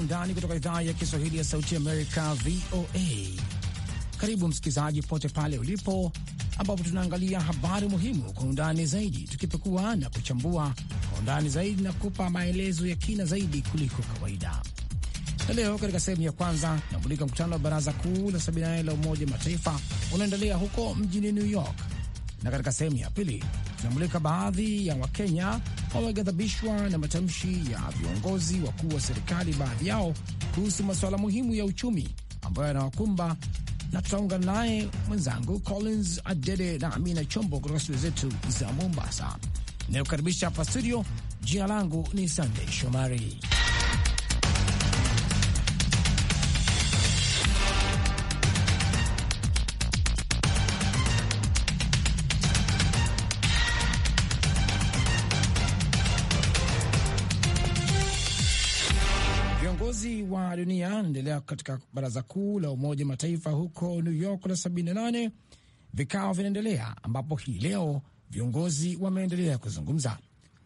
undani kutoka idhaa ya Kiswahili ya Sauti Amerika, VOA. Karibu msikilizaji, popote pale ulipo, ambapo tunaangalia habari muhimu kwa undani zaidi, tukipekua na kuchambua kwa undani zaidi na kupa maelezo ya kina zaidi kuliko kawaida. Na leo katika sehemu ya kwanza tunamulika mkutano wa baraza kuu la 78 la Umoja Mataifa unaendelea huko mjini New York, na katika sehemu ya pili tunamulika baadhi ya Wakenya wameghadhabishwa na matamshi ya viongozi wakuu wa serikali, baadhi yao kuhusu masuala muhimu ya uchumi ambayo yanawakumba, na tutaungana naye mwenzangu Collins Adede na Amina Chombo kutoka studio zetu za Mombasa inayokaribisha hapa studio. Jina langu ni Sandey Shomari. kuendelea katika baraza kuu la Umoja Mataifa huko New York la 78 vikao vinaendelea, ambapo hii leo viongozi wameendelea kuzungumza.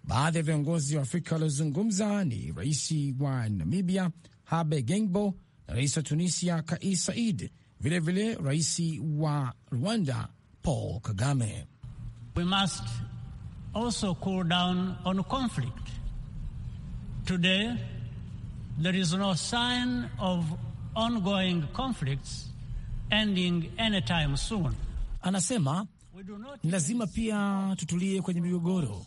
Baadhi ya viongozi wa Afrika waliozungumza ni rais wa Namibia Habe gengbo na rais wa Tunisia Kais Saied, vilevile rais wa Rwanda Paul Kagame. We must also cool down on conflict. Today, There is no sign of ongoing conflicts ending anytime soon. Anasema ni lazima pia tutulie kwenye migogoro.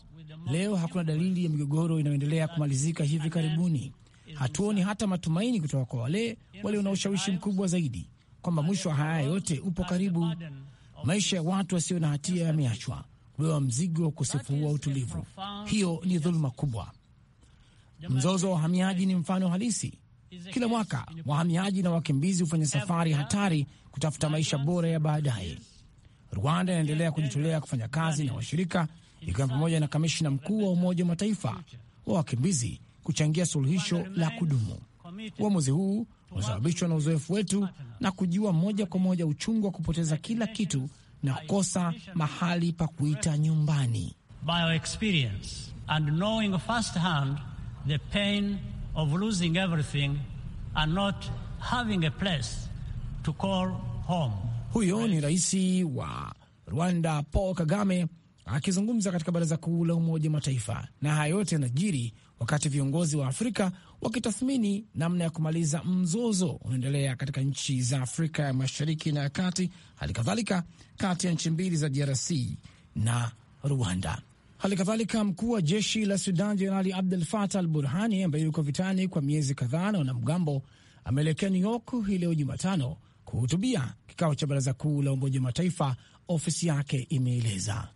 Leo hakuna dalili ya migogoro inayoendelea kumalizika hivi karibuni. Hatuoni hata matumaini kutoka kwa wale walio na ushawishi mkubwa zaidi kwamba mwisho wa haya yote upo karibu. Maisha ya watu wasio na hatia yameachwa kubewa mzigo wa ukosefu wa utulivu. Hiyo ni dhuluma kubwa. Mzozo wa wahamiaji ni mfano halisi. Kila mwaka wahamiaji na wakimbizi hufanya safari hatari kutafuta maisha bora ya baadaye. Rwanda inaendelea kujitolea kufanya kazi na washirika, ikiwa pamoja na kamishina mkuu wa Umoja wa Mataifa wa wakimbizi kuchangia suluhisho la kudumu. Uamuzi huu unasababishwa na uzoefu wetu na kujua moja kwa moja uchungu wa kupoteza kila kitu na kukosa mahali pa kuita nyumbani. By our experience and knowing firsthand the pain of losing everything and not having a place to call home. Huyo ni rais wa Rwanda Paul Kagame akizungumza katika baraza kuu la Umoja Mataifa, na haya yote yanajiri wakati viongozi wa Afrika wakitathmini namna ya kumaliza mzozo unaendelea katika nchi za Afrika ya Mashariki na ya Kati, hali kadhalika kati ya nchi mbili za DRC na Rwanda. Hali kadhalika mkuu wa jeshi la Sudan Jenerali Abdul Fatah al Burhani, ambaye yuko vitani kwa miezi kadhaa na wanamgambo, ameelekea New York hii leo Jumatano kuhutubia kikao cha baraza kuu la Umoja wa Mataifa, ofisi yake imeeleza.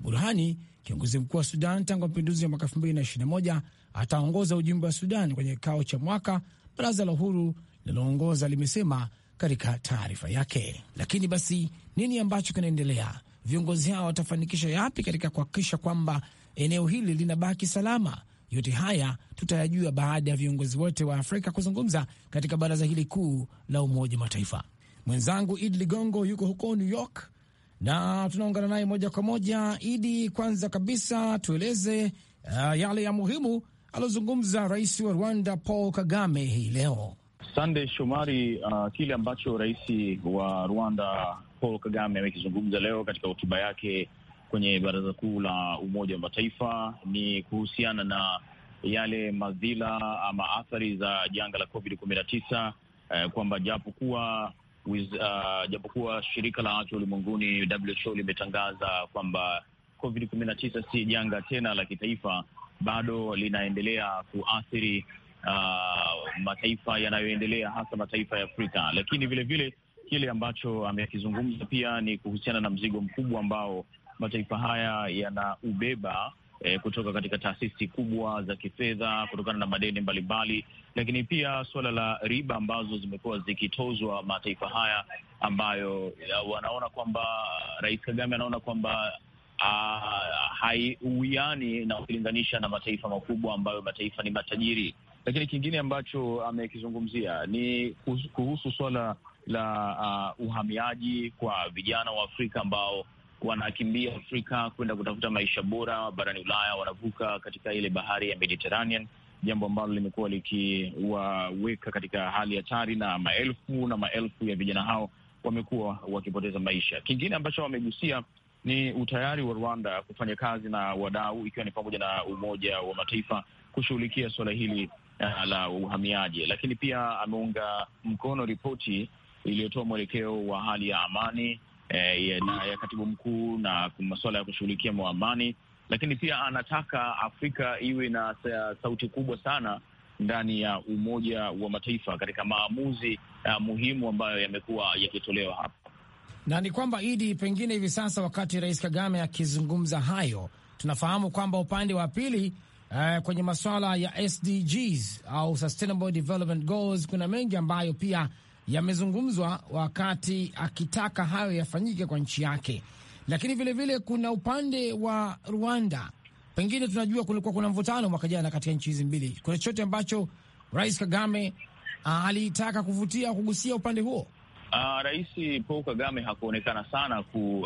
Burhani, kiongozi mkuu wa Sudan tangu mapinduzi ya mwaka 2021, ataongoza ujumbe wa Sudan kwenye kikao cha mwaka, baraza la uhuru linaloongoza limesema katika taarifa yake. Lakini basi nini ambacho kinaendelea? viongozi hao watafanikisha yapi katika kuhakikisha kwamba eneo hili linabaki salama. Yote haya tutayajua baada ya viongozi wote wa Afrika kuzungumza katika baraza hili kuu la Umoja Mataifa. Mwenzangu Idi Ligongo yuko huko New York na tunaungana naye moja kwa moja. Idi, kwanza kabisa tueleze uh, yale ya muhimu alozungumza rais wa Rwanda Paul Kagame hii leo. Sande Shomari, uh, kile ambacho rais wa Rwanda Paul Kagame amekizungumza leo katika hotuba yake kwenye Baraza Kuu la Umoja wa Mataifa ni kuhusiana na yale madhila ama athari za janga la Covid kumi na tisa eh, kwamba japokuwa uh, ah, japokuwa shirika la afya ulimwenguni WHO limetangaza kwamba Covid kumi na tisa si janga tena la kitaifa, bado linaendelea kuathiri uh, mataifa yanayoendelea hasa mataifa ya Afrika, lakini vilevile kile ambacho amekizungumza pia ni kuhusiana na mzigo mkubwa ambao mataifa haya yanaubeba eh, kutoka katika taasisi kubwa za kifedha kutokana na madeni mbalimbali, lakini pia suala la riba ambazo zimekuwa zikitozwa mataifa haya ambayo wanaona kwamba Rais Kagame anaona kwamba haiuiani na ukilinganisha na mataifa makubwa ambayo mataifa ni matajiri. Lakini kingine ambacho amekizungumzia ni kuhusu suala la uh, uhamiaji kwa vijana wa Afrika ambao wanakimbia Afrika kwenda kutafuta maisha bora barani Ulaya, wanavuka katika ile bahari ya Mediterranean, jambo ambalo limekuwa likiwaweka katika hali hatari, na maelfu na maelfu ya vijana hao wamekuwa wakipoteza maisha. Kingine ambacho wamegusia ni utayari wa Rwanda kufanya kazi na wadau, ikiwa ni pamoja na Umoja wa Mataifa kushughulikia suala hili uh, la uhamiaji, lakini pia ameunga mkono ripoti iliyotoa mwelekeo wa hali ya amani e, ya, na, ya katibu mkuu na masuala ya kushughulikia mwa amani, lakini pia anataka Afrika iwe na sauti kubwa sana ndani ya Umoja wa Mataifa katika maamuzi uh, muhimu ambayo yamekuwa yakitolewa hapa, na ni kwamba idi pengine hivi sasa wakati Rais Kagame akizungumza hayo, tunafahamu kwamba upande wa pili uh, kwenye masuala ya SDGs au Sustainable Development Goals kuna mengi ambayo pia yamezungumzwa wakati akitaka hayo yafanyike kwa nchi yake, lakini vilevile vile kuna upande wa Rwanda. Pengine tunajua kulikuwa kuna mvutano mwaka jana katika nchi hizi mbili. Kuna chochote ambacho Rais Kagame uh, alitaka kuvutia kugusia upande huo? Uh, Rais Paul Kagame hakuonekana sana ku,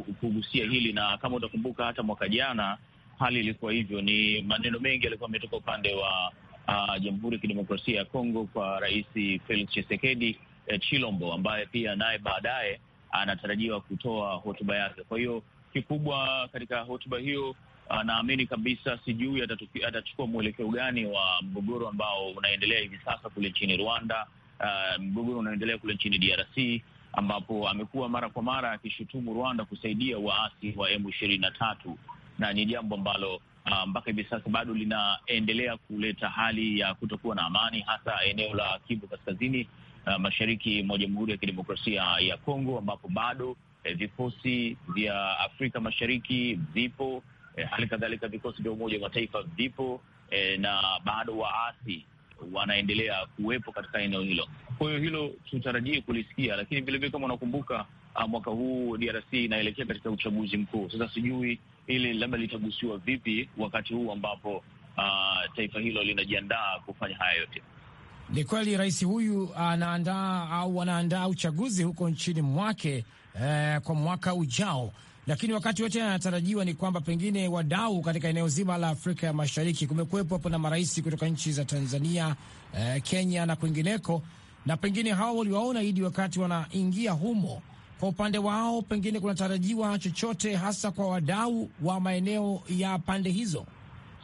uh, kugusia hili, na kama utakumbuka hata mwaka jana hali ilikuwa hivyo, ni maneno mengi yalikuwa ametoka upande wa uh, Jamhuri ya Kidemokrasia ya Kongo kwa Rais Felix Tshisekedi eh, Chilombo ambaye pia naye baadaye anatarajiwa kutoa hotuba yake. Kwa hiyo kikubwa katika hotuba hiyo uh, naamini kabisa, sijui atachukua mwelekeo gani wa mgogoro ambao unaendelea hivi sasa kule nchini Rwanda, uh, mgogoro unaendelea kule nchini DRC ambapo amekuwa mara kwa mara akishutumu Rwanda kusaidia waasi wa M ishirini na tatu na ni jambo ambalo Ah, mpaka hivi sasa bado linaendelea kuleta hali ya kutokuwa na amani, hasa eneo la Kivu Kaskazini, uh, mashariki mwa Jamhuri ya Kidemokrasia ya Kongo, ambapo bado eh, vikosi vya Afrika Mashariki vipo, eh, hali eh, kadhalika vikosi vya Umoja wa Mataifa vipo, eh, na bado waasi wanaendelea kuwepo katika eneo hilo. Kwa hiyo hilo tutarajie kulisikia, lakini vilevile, kama unakumbuka, ah, mwaka huu DRC inaelekea katika uchaguzi mkuu. Sasa sijui hili labda litagusiwa vipi wakati huu ambapo uh, taifa hilo linajiandaa kufanya haya yote? Ni kweli rais huyu anaandaa au anaandaa uchaguzi huko nchini mwake eh, kwa mwaka ujao, lakini wakati wote anatarajiwa ni kwamba pengine wadau katika eneo zima la Afrika ya Mashariki, kumekuwepo hapo na marais kutoka nchi za Tanzania, eh, Kenya na kwingineko, na pengine hawa waliwaona idi wakati wanaingia humo kwa upande wao, pengine kunatarajiwa chochote hasa kwa wadau wa maeneo ya pande hizo?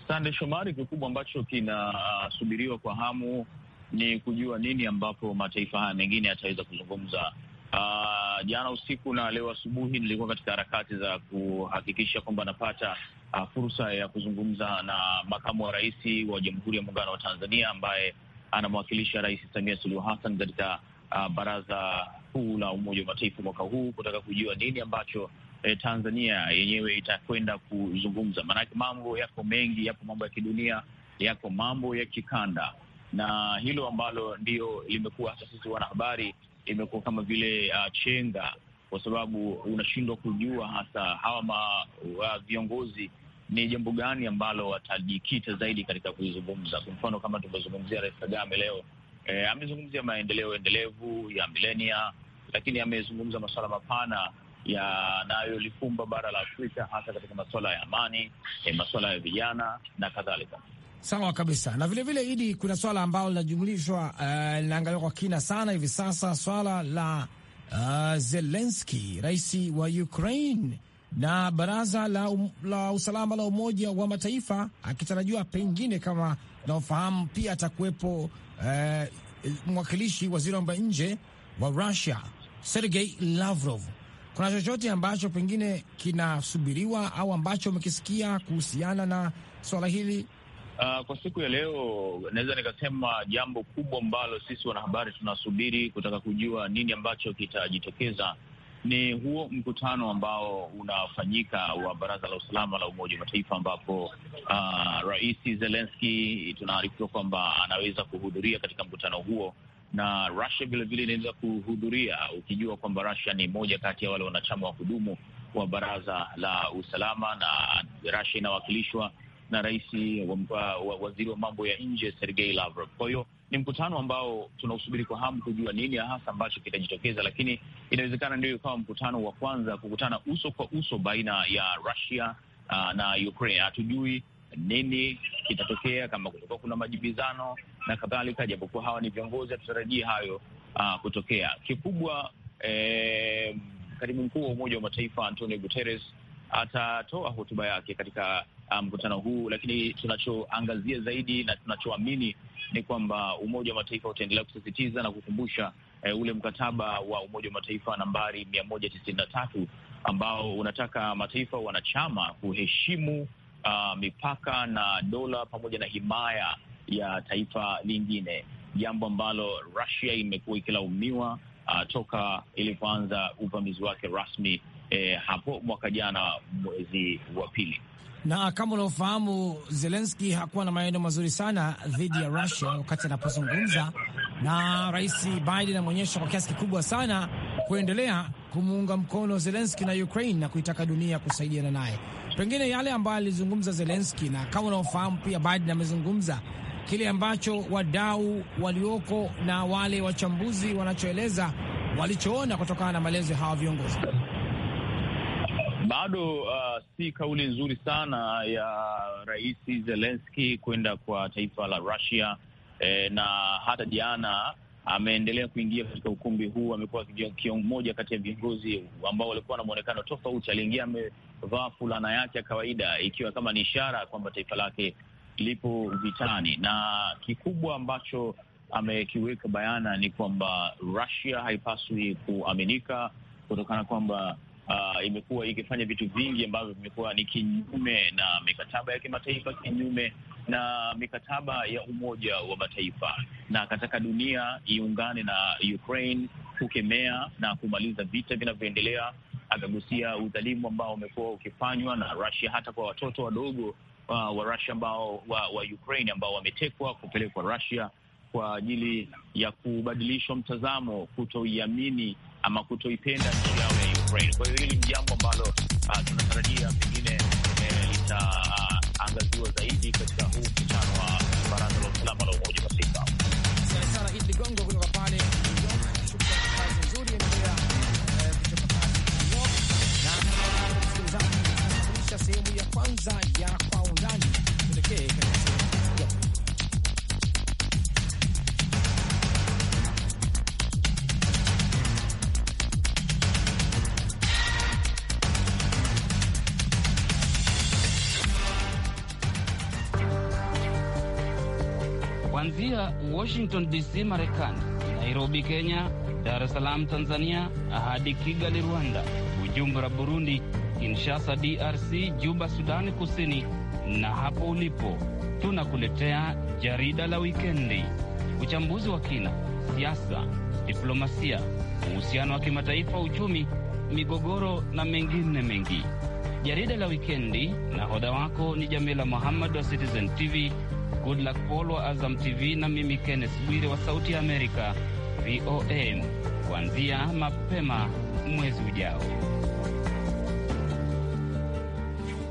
Sande Shomari, kikubwa ambacho kinasubiriwa uh, kwa hamu ni kujua nini ambapo mataifa haya mengine yataweza kuzungumza. Uh, jana usiku na leo asubuhi nilikuwa katika harakati za kuhakikisha kwamba napata uh, fursa ya kuzungumza na makamu wa rais wa Jamhuri ya Muungano wa Tanzania ambaye anamwakilisha Rais Samia Suluhu Hassan katika uh, baraza kuu la Umoja wa Mataifa mwaka huu kutaka kujua nini ambacho eh, Tanzania yenyewe itakwenda kuzungumza, maanake mambo yako mengi, yako mambo ya kidunia, yako mambo ya kikanda, na hilo ambalo ndio limekuwa hata sisi wanahabari imekuwa kama vile uh, chenga kwa sababu unashindwa kujua hasa hawa ma, wa viongozi ni jambo gani ambalo watajikita zaidi katika kuzungumza. Kwa mfano kama tumezungumzia Rais Kagame leo eh, amezungumzia maendeleo endelevu ya milenia, lakini amezungumza masuala mapana yanayolifumba bara la Afrika, hasa katika masuala ya amani, eh, masuala ya vijana na kadhalika. Sawa kabisa. Na vilevile vile, Idi, kuna swala ambalo linajumlishwa eh, linaangaliwa uh, kwa kina sana hivi sasa, swala la uh, eh, Zelenski, rais wa Ukraine, na baraza la, um, la usalama la Umoja wa Mataifa, akitarajiwa pengine, kama naofahamu, pia atakuwepo uh, mwakilishi waziri wa mambo ya nje wa Russia Sergei Lavrov, kuna chochote ambacho pengine kinasubiriwa au ambacho umekisikia kuhusiana na swala hili? Uh, kwa siku ya leo naweza nikasema jambo kubwa ambalo sisi wanahabari tunasubiri kutaka kujua nini ambacho kitajitokeza ni huo mkutano ambao unafanyika wa Baraza la Usalama la Umoja wa Mataifa, ambapo uh, Rais Zelenski tunaarifiwa kwamba anaweza kuhudhuria katika mkutano huo na Russia vilevile inaweza kuhudhuria, ukijua kwamba Russia ni moja kati ya wale wanachama wa kudumu wa Baraza la Usalama, na Russia inawakilishwa na rais wa, wa, waziri wa mambo ya nje Sergei Lavrov. Kwa hiyo ni mkutano ambao tunausubiri kwa hamu kujua nini hasa ambacho kitajitokeza, lakini inawezekana ndio ikawa mkutano wa kwanza kukutana uso kwa uso baina ya Russia uh, na Ukraine. Hatujui nini kitatokea, kama kutakuwa kuna majibizano na kadhalika. Japokuwa hawa ni viongozi, hatutarajii hayo uh, kutokea kikubwa. Eh, katibu mkuu wa Umoja wa Mataifa Antonio Guterres atatoa hotuba yake katika ah, mkutano um, huu, lakini tunachoangazia zaidi na tunachoamini ni kwamba Umoja wa Mataifa utaendelea kusisitiza na kukumbusha eh, ule mkataba wa Umoja wa Mataifa nambari mia moja tisini na tatu ambao unataka mataifa wanachama kuheshimu uh, mipaka na dola pamoja na himaya ya taifa lingine, jambo ambalo Russia imekuwa ikilaumiwa uh, toka ilipoanza uvamizi wake rasmi eh, hapo mwaka jana mwezi wa pili na kama unavyofahamu Zelenski hakuwa na maneno mazuri sana dhidi ya rasia wakati anapozungumza na Rais Biden ameonyesha kwa kiasi kikubwa sana kuendelea kumuunga mkono Zelenski na Ukraine na kuitaka dunia kusaidiana naye pengine yale ambayo alizungumza Zelenski, na kama unaofahamu pia Biden amezungumza kile ambacho wadau walioko na wale wachambuzi wanachoeleza walichoona kutokana na maelezo ya hawa viongozi bado uh, si kauli nzuri sana ya Rais Zelenski kwenda kwa taifa la Russia eh, na hata jana ameendelea kuingia katika ukumbi huu. Amekuwa mmoja kati ya viongozi ambao walikuwa na mwonekano tofauti. Aliingia vaa fulana yake ya kawaida, ikiwa kama ni ishara kwamba taifa lake lipo vitani, na kikubwa ambacho amekiweka bayana ni kwamba Russia haipaswi kuaminika kutokana kwamba uh, imekuwa ikifanya vitu vingi ambavyo vimekuwa ni kinyume na mikataba ya kimataifa, kinyume na mikataba ya Umoja wa Mataifa, na akataka dunia iungane na Ukraine kukemea na kumaliza vita vinavyoendelea akagusia udhalimu ambao umekuwa ukifanywa na Russia hata kwa watoto wadogo wa, uh, wa Russia ambao wa, wa Ukraine ambao wametekwa kupelekwa Russia kwa ajili ya kubadilishwa mtazamo, kutoiamini ama kutoipenda nchi yao ya Ukraine. Kwa hiyo hili ni jambo ambalo uh, tunatarajia pengine eh, litaangaziwa uh, zaidi katika huu mkutano wa Baraza la Usalama la Umoja wa Mataifa. Sara Idi Ligongo kutoka pale sehemu ya kwanza ya kwa undani. Tuelekee katika sehemu ya pili. Kuanzia Washington DC, Marekani, Nairobi, Kenya, Dar es Salaam, Tanzania, hadi Kigali, Rwanda, Bujumbura, Burundi Kinshasa DRC, Juba Sudani Kusini na hapo ulipo, tunakuletea jarida la wikendi, uchambuzi wa kina, siasa, diplomasia, uhusiano wa kimataifa, uchumi, migogoro na mengine mengi. Jarida la wikendi, nahodha wako ni Jamila Muhammad wa Citizen TV, Goodluck Paul wa Azam TV na mimi Kenneth Bwire wa Sauti ya Amerika VOA, kuanzia mapema mwezi ujao.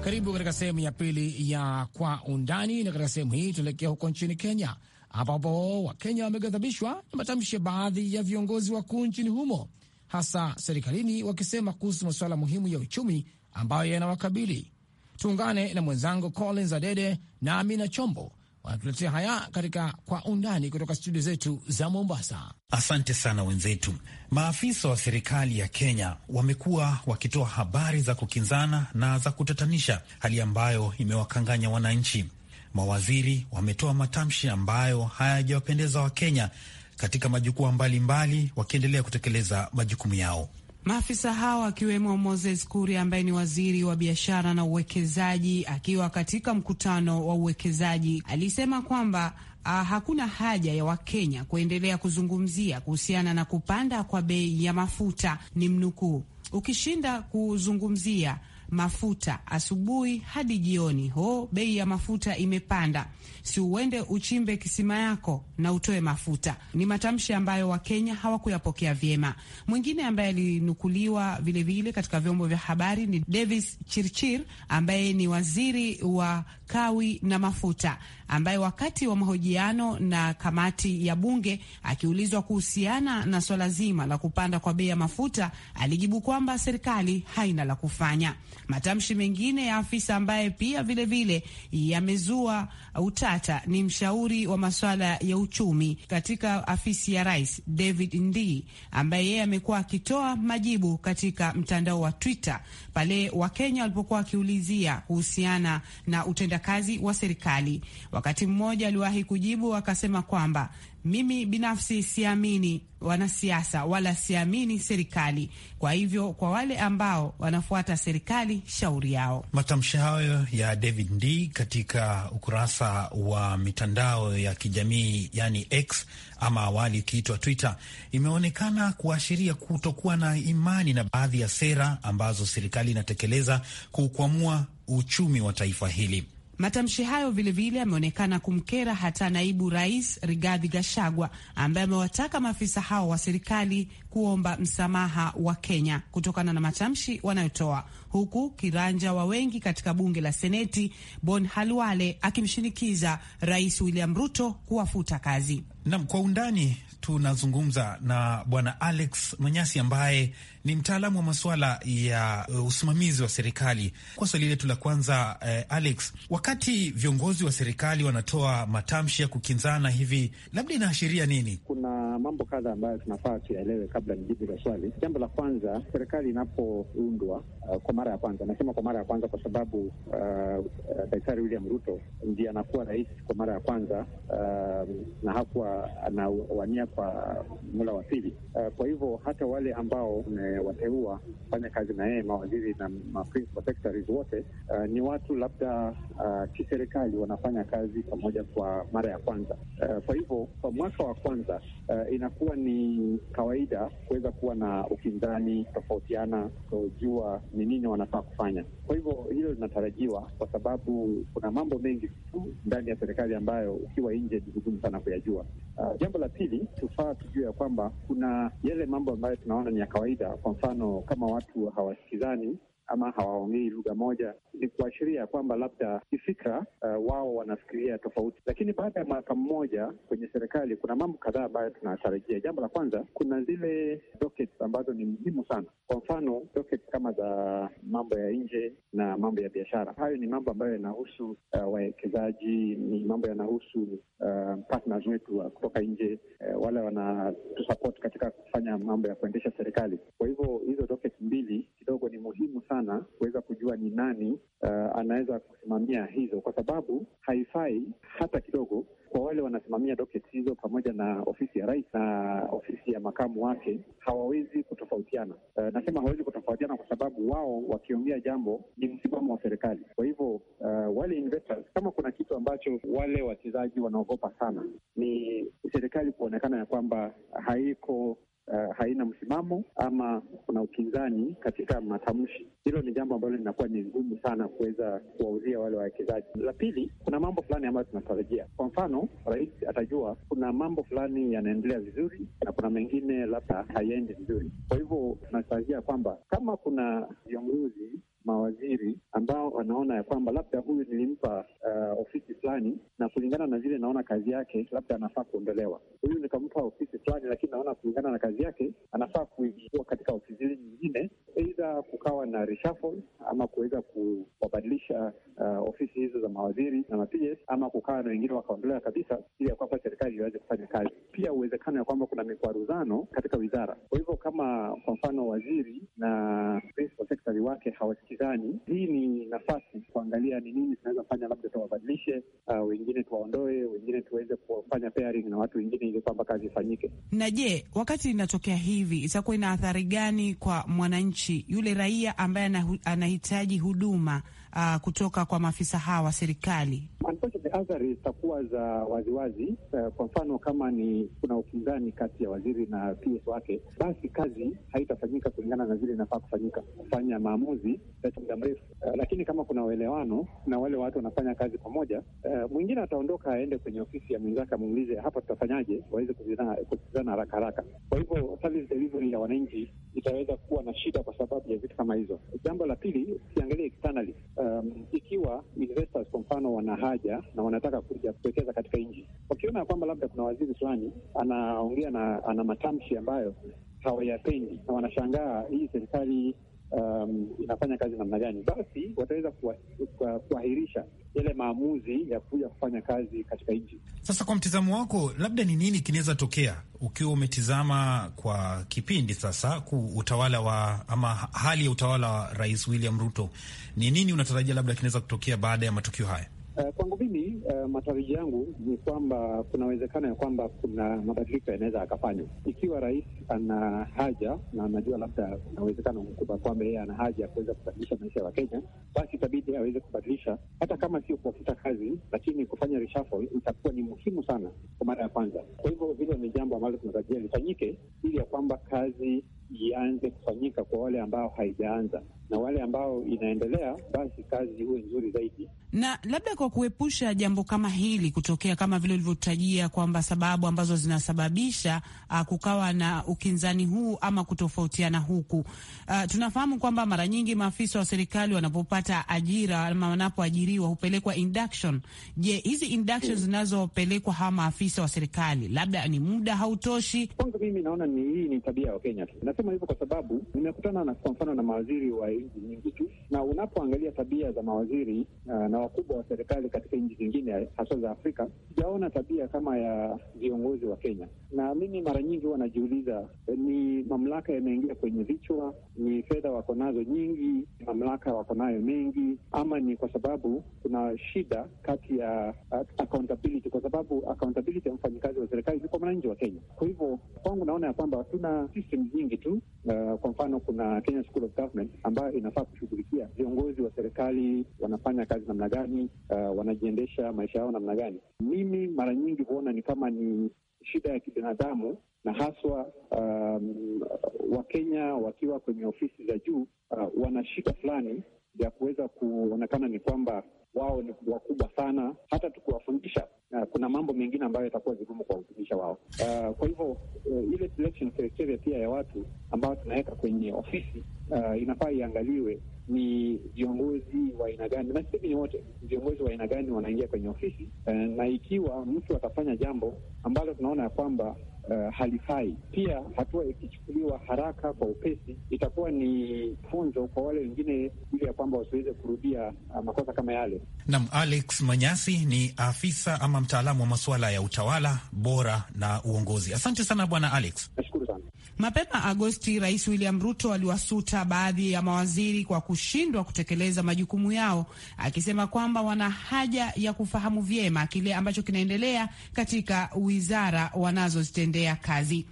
Karibu katika sehemu ya pili ya Kwa Undani, na katika sehemu hii tunaelekea huko nchini Kenya ambapo Wakenya wameghadhabishwa na matamshi ya baadhi ya viongozi wakuu nchini humo, hasa serikalini, wakisema kuhusu masuala muhimu ya uchumi ambayo yanawakabili. Tuungane na mwenzangu Collins Adede na Amina Chombo wanatuletea haya katika kwa undani kutoka studio zetu za Mombasa. Asante sana wenzetu. Maafisa wa serikali ya Kenya wamekuwa wakitoa habari za kukinzana na za kutatanisha, hali ambayo imewakanganya wananchi. Mawaziri wametoa matamshi ambayo hayajawapendeza Wakenya katika majukwaa mbalimbali, wakiendelea kutekeleza majukumu yao. Maafisa hao akiwemo Moses kuri ambaye ni waziri wa biashara na uwekezaji, akiwa katika mkutano wa uwekezaji alisema kwamba Uh, hakuna haja ya Wakenya kuendelea kuzungumzia kuhusiana na kupanda kwa bei ya mafuta, ni mnukuu. Ukishinda kuzungumzia mafuta asubuhi hadi jioni. Ho, bei ya mafuta imepanda, si uende uchimbe kisima yako na utoe mafuta. Ni matamshi ambayo Wakenya hawakuyapokea vyema. Mwingine ambaye alinukuliwa vilevile katika vyombo vya habari ni Davis Chirchir ambaye ni waziri wa kawi na mafuta ambaye wakati wa mahojiano na kamati ya bunge akiulizwa kuhusiana na swala zima la kupanda kwa bei ya mafuta alijibu kwamba serikali haina la kufanya. Matamshi mengine ya afisa ambaye pia vilevile yamezua utata ni mshauri wa masuala ya uchumi katika afisi ya rais David Ndii, ambaye yeye amekuwa akitoa majibu katika mtandao wa Twitter pale Wakenya walipokuwa wakiulizia kuhusiana na utendakazi wa serikali. Wakati mmoja aliwahi kujibu akasema kwamba mimi binafsi siamini wanasiasa wala siamini serikali. Kwa hivyo kwa wale ambao wanafuata serikali, shauri yao. Matamshi hayo ya David Ndii katika ukurasa wa mitandao ya kijamii yani X ama awali ukiitwa Twitter, imeonekana kuashiria kutokuwa na imani na baadhi ya sera ambazo serikali inatekeleza kukwamua uchumi wa taifa hili. Matamshi hayo vilevile yameonekana kumkera hata naibu rais Rigathi Gachagua ambaye amewataka maafisa hao wa serikali kuomba msamaha wa Kenya kutokana na matamshi wanayotoa, huku kiranja wa wengi katika bunge la Seneti Bon Halwale akimshinikiza Rais William Ruto kuwafuta kazi. Nam kwa undani tunazungumza na Bwana Alex Manyasi ambaye ni mtaalamu wa masuala ya uh, usimamizi wa serikali. Kwa swali letu la kwanza uh, Alex, wakati viongozi wa serikali wanatoa matamshi ya kukinzana hivi, labda inaashiria nini? Kuna mambo kadha ambayo tunafaa tuyaelewe kabla nijibu la swali. Jambo la kwanza, serikali inapoundwa uh, kwa mara ya kwanza, nasema kwa mara ya kwanza kwa sababu uh, Daktari William Ruto ndiye anakuwa rais kwa mara ya kwanza uh, na hakuwa anawania kwa mula wa pili uh, kwa hivyo hata wale ambao ne, wamewateua kufanya kazi na yeye, mawaziri na maprincipal secretaries wote uh, ni watu labda uh, kiserikali wanafanya kazi pamoja kwa mara ya kwanza. Uh, kwa hivyo kwa mwaka wa kwanza uh, inakuwa ni kawaida kuweza kuwa na upinzani tofautiana, kujua ni nini wanafaa kufanya. Kwa hivyo hilo linatarajiwa, kwa sababu kuna mambo mengi tu ndani ya serikali ambayo ukiwa nje ni vigumu sana kuyajua. Uh, jambo la pili, tufaa tujue ya kwamba kuna yale mambo ambayo tunaona ni ya kawaida kwa mfano kama watu hawasikizani ama hawaongei lugha moja, ni kuashiria kwamba labda kifikra uh, wao wanafikiria tofauti. Lakini baada ya mwaka mmoja kwenye serikali, kuna mambo kadhaa ambayo tunatarajia. Jambo la kwanza, kuna zile ambazo ni muhimu sana, kwa mfano kama za mambo ya nje na mambo ya biashara. Hayo ni mambo ambayo yanahusu uh, wawekezaji, ni mambo yanahusu uh, partners wetu wa kutoka nje, uh, wale wanatusupport katika kufanya mambo ya kuendesha serikali. Kwa hivyo hizo mbili kidogo ni sana kuweza kujua ni nani uh, anaweza kusimamia hizo, kwa sababu haifai hata kidogo kwa wale wanasimamia docket hizo pamoja na ofisi ya rais na ofisi ya makamu wake, hawawezi kutofautiana. Uh, nasema hawawezi kutofautiana kwa sababu wao wakiongea jambo ni msimamo wa serikali. Kwa hivyo uh, wale investors, kama kuna kitu ambacho wale wachezaji wanaogopa sana ni serikali kuonekana ya kwamba haiko Eh, haina msimamo ama kuna upinzani katika matamshi. Hilo ni jambo ambalo linakuwa ni ngumu sana kuweza kuwauzia wale wawekezaji. La pili, kuna mambo fulani ambayo tunatarajia. Kwa mfano, rais atajua kuna mambo fulani yanaendelea vizuri na kuna mengine labda hayaendi vizuri. Kwa hivyo tunatarajia kwamba kama kuna viongozi mawaziri ambao wanaona ya kwamba labda huyu nilimpa uh, ofisi fulani na kulingana na vile naona kazi yake labda anafaa kuondolewa huyu nikampa ofisi fulani, lakini naona kulingana na kazi yake anafaa kuingia katika ofisi hili nyingine, eidha kukawa na reshuffle ama kuweza kuwabadilisha uh, ofisi hizo za mawaziri na maps, ama kukawa na wengine wakaondolewa kabisa, ili ya kwamba serikali iweze kufanya kazi. Pia uwezekano ya kwamba kuna mikwaruzano katika wizara. Kwa hivyo kama kwa mfano waziri na principal secretary wake hawasikizani, hii ni nafasi kuangalia ni nini tunaweza fanya, labda tuwabadilishe, uh, wengine tuwaondoe, wengine tuweze kufanya pairing na watu wengine hizo kwamba kazi ifanyike. Na je, wakati inatokea hivi itakuwa ina athari gani kwa mwananchi yule raia ambaye anahitaji huduma uh, kutoka kwa maafisa hawa wa serikali? Athari zitakuwa za waziwazi. Uh, kwa mfano, kama ni kuna upinzani kati ya waziri na PS wake, basi kazi haitafanyika kulingana na zile inafaa kufanyika, kufanya maamuzi yacha muda mrefu. Uh, lakini kama kuna uelewano na wale watu wanafanya kazi pamoja, uh, mwingine ataondoka aende kwenye ofisi ya mwenzake, amuulize hapa tutafanyaje, waweze kusikizana haraka haraka. Kwa hivyo service delivery ya wananchi itaweza kuwa na shida kwa sababu ya vitu kama hizo. Jambo la pili, wana haja na wanataka kuja kuwekeza katika nchi. Wakiona kwamba labda kuna waziri fulani anaongea na ana matamshi ambayo hawayapendi na wanashangaa hii serikali um, inafanya kazi namna gani, basi wataweza kuahirisha yale maamuzi ya kuja kufanya kazi katika nchi. Sasa, kwa mtizamo wako, labda ni nini kinaweza tokea ukiwa umetizama kwa kipindi sasa ku utawala wa ama hali ya utawala wa Rais William Ruto? Ni nini unatarajia labda kinaweza kutokea baada ya matukio haya? Uh, kwangu mimi uh, matarajio yangu ni kwamba kuna uwezekano ya kwamba kuna mabadiliko yanaweza akafanywa ikiwa rais ana haja na anajua, labda kuna uwezekano mkubwa kwamba yeye ana haja ya kuweza kubadilisha maisha ya Wakenya, basi itabidi aweze kubadilisha, hata kama sio kuwafuta kazi, lakini kufanya reshuffle itakuwa ni muhimu sana kwa mara ya kwanza. Kwa hivyo vile ni jambo ambalo tunatarajia lifanyike, ili ya kwamba kazi ianze kufanyika kwa wale ambao haijaanza na wale ambao inaendelea, basi kazi huwe nzuri zaidi na labda kwa kuepusha jambo kama hili kutokea, kama vile ulivyotajia kwamba sababu ambazo zinasababisha uh, kukawa na ukinzani huu ama kutofautiana huku, uh, tunafahamu kwamba mara nyingi maafisa wa serikali wanapopata ajira ama wanapoajiriwa hupelekwa induction. Je, hizi induction mm. zinazopelekwa hawa maafisa wa serikali labda ni muda hautoshi? Kwanza mimi naona ni hii ni tabia ya Wakenya tu. Nasema hivyo kwa sababu nimekutana kwa mfano na mawaziri wa nchi nyingi tu na unapoangalia tabia za mawaziri uh, na wakubwa wa serikali katika nchi zingine hasa za Afrika, sijaona tabia kama ya viongozi wa Kenya. Na mimi mara nyingi huwa najiuliza, eh, ni mamlaka yameingia kwenye vichwa? Ni fedha wako nazo nyingi? Mamlaka wako nayo mengi? Ama ni kwa sababu kuna shida kati ya eh, accountability? Kwa sababu accountability ya mfanyikazi wa serikali ni kwa mwananchi wa Kenya. Kwa hivyo kwangu naona ya kwamba tuna system nyingi tu Eh, kwa mfano kuna Kenya School of Government ambayo inafaa kushughulikia viongozi wa serikali wanafanya kazi namna gani, uh, wanajiendesha maisha yao namna gani. Mimi mara nyingi huona ni kama ni shida ya kibinadamu na haswa um, Wakenya wakiwa kwenye ofisi za juu uh, eh, wana shida fulani ya kuweza kuonekana ni kwamba wao ni wakubwa sana, hata tukiwafundisha uh, kuna mambo mengine ambayo yatakuwa vigumu kuwafundisha wao. Uh, kwa hivyo uh, ile selection criteria pia ya watu ambao tunaweka kwenye ofisi uh, inafaa iangaliwe ni viongozi wa aina gani, na sisemi ni wote, viongozi wa aina gani wanaingia kwenye ofisi uh, na ikiwa mtu atafanya jambo ambalo tunaona ya kwamba uh, halifai. Pia hatua ikichukuliwa haraka kwa upesi itakuwa ni funzo kwa wale wengine, ili ya kwamba wasiweze kurudia uh, makosa kama yale. Nam Alex Manyasi ni afisa ama mtaalamu wa masuala ya utawala bora na uongozi. Asante sana Bwana Alex, nashukuru sana. Mapema Agosti, Rais William Ruto aliwasuta baadhi ya mawaziri kwa kushindwa kutekeleza majukumu yao, akisema kwamba wana haja ya kufahamu vyema kile ambacho kinaendelea katika wizara wanazozitendea kazi.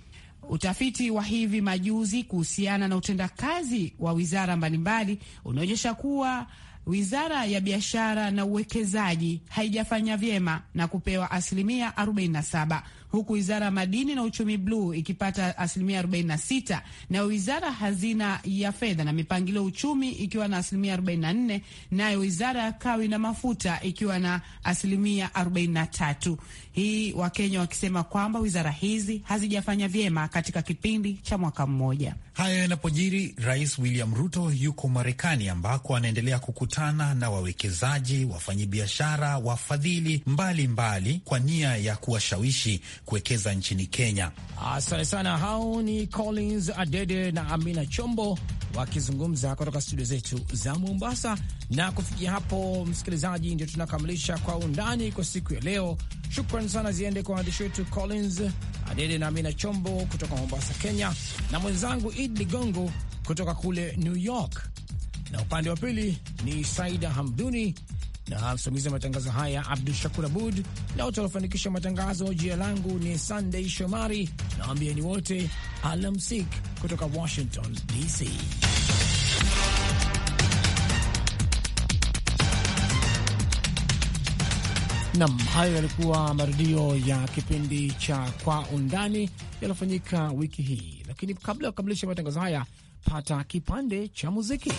Utafiti wa hivi majuzi kuhusiana na utendakazi wa wizara mbalimbali unaonyesha kuwa wizara ya biashara na uwekezaji haijafanya vyema na kupewa asilimia 47 huku wizara ya madini na uchumi bluu ikipata asilimia 46 na wizara hazina ya fedha na mipangilio uchumi ikiwa na asilimia 44, nayo wizara ya kawi na mafuta ikiwa na asilimia 43 hii Wakenya wakisema kwamba wizara hizi hazijafanya vyema katika kipindi cha mwaka mmoja. Hayo yanapojiri, Rais William Ruto yuko Marekani ambako anaendelea kukutana na wawekezaji, wafanyabiashara, wafadhili mbalimbali kwa nia ya kuwashawishi kuwekeza nchini Kenya. Asante sana. Hao ni Collins Adede na Amina Chombo wakizungumza kutoka studio zetu za Mombasa. Na kufikia hapo, msikilizaji, ndio tunakamilisha Kwa Undani kwa siku ya leo. Shukran sana ziende kwa waandishi wetu Collins Adede na Amina Chombo kutoka Mombasa, Kenya, na mwenzangu Id Ligongo kutoka kule New York, na upande wa pili ni Saida Hamduni na msimamizi wa matangazo haya Abdu Shakur Abud, na wote waliofanikisha matangazo. Jina langu ni Sandey Shomari, nawambieni wote alamsik kutoka Washington DC. Nam, hayo yalikuwa marudio ya kipindi cha Kwa Undani yalofanyika wiki hii, lakini kabla ya kukamilisha matangazo haya, pata kipande cha muziki.